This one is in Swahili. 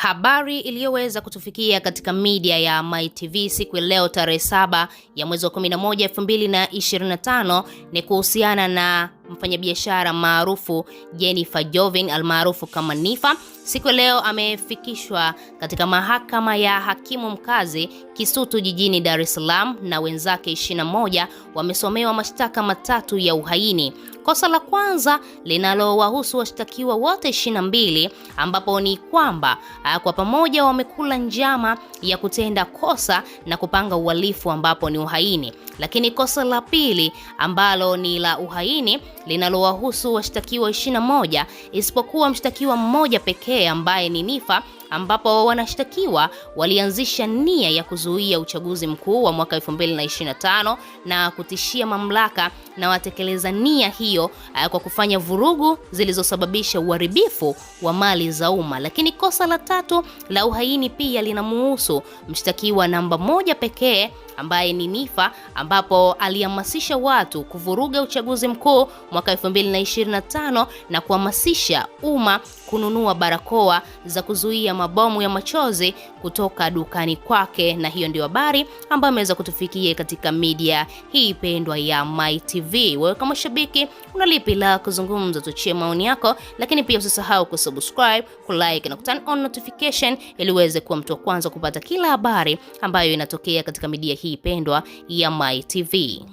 Habari iliyoweza kutufikia katika media ya Amai TV siku ya leo tarehe saba ya mwezi wa 11 2025 ni kuhusiana na mfanyabiashara maarufu Jennifer Jovin almaarufu kama Nifa siku ya leo amefikishwa katika mahakama ya hakimu mkazi Kisutu jijini Dar es Salaam na wenzake 21 wamesomewa mashtaka matatu ya uhaini. Kosa la kwanza linalowahusu washtakiwa wote 22 ambapo ni kwamba ah, kwa pamoja wamekula njama ya kutenda kosa na kupanga uhalifu ambapo ni uhaini. Lakini kosa la pili ambalo ni la uhaini linalowahusu washtakiwa 21 isipokuwa mshtakiwa mmoja pekee ambaye ni Nifa, ambapo wanashtakiwa walianzisha nia ya kuzuia uchaguzi mkuu wa mwaka 2025 na kutishia mamlaka na watekeleza nia hiyo eh, kwa kufanya vurugu zilizosababisha uharibifu wa mali za umma. Lakini kosa la tatu la uhaini pia linamuhusu mshtakiwa namba moja pekee ambaye ni Nifa ambapo alihamasisha watu kuvuruga uchaguzi mkuu mwaka 2025 na kuhamasisha umma kununua barakoa za kuzuia mabomu ya machozi kutoka dukani kwake, na hiyo ndio habari ambayo ameweza kutufikia katika media hii pendwa ya MAI TV. TV. Wewe kama shabiki una lipi la kuzungumza? Tuchie maoni yako, lakini pia usisahau kusubscribe, kulike na kuturn on notification ili uweze kuwa mtu wa kwanza kupata kila habari ambayo inatokea katika media hii pendwa ya MAI TV.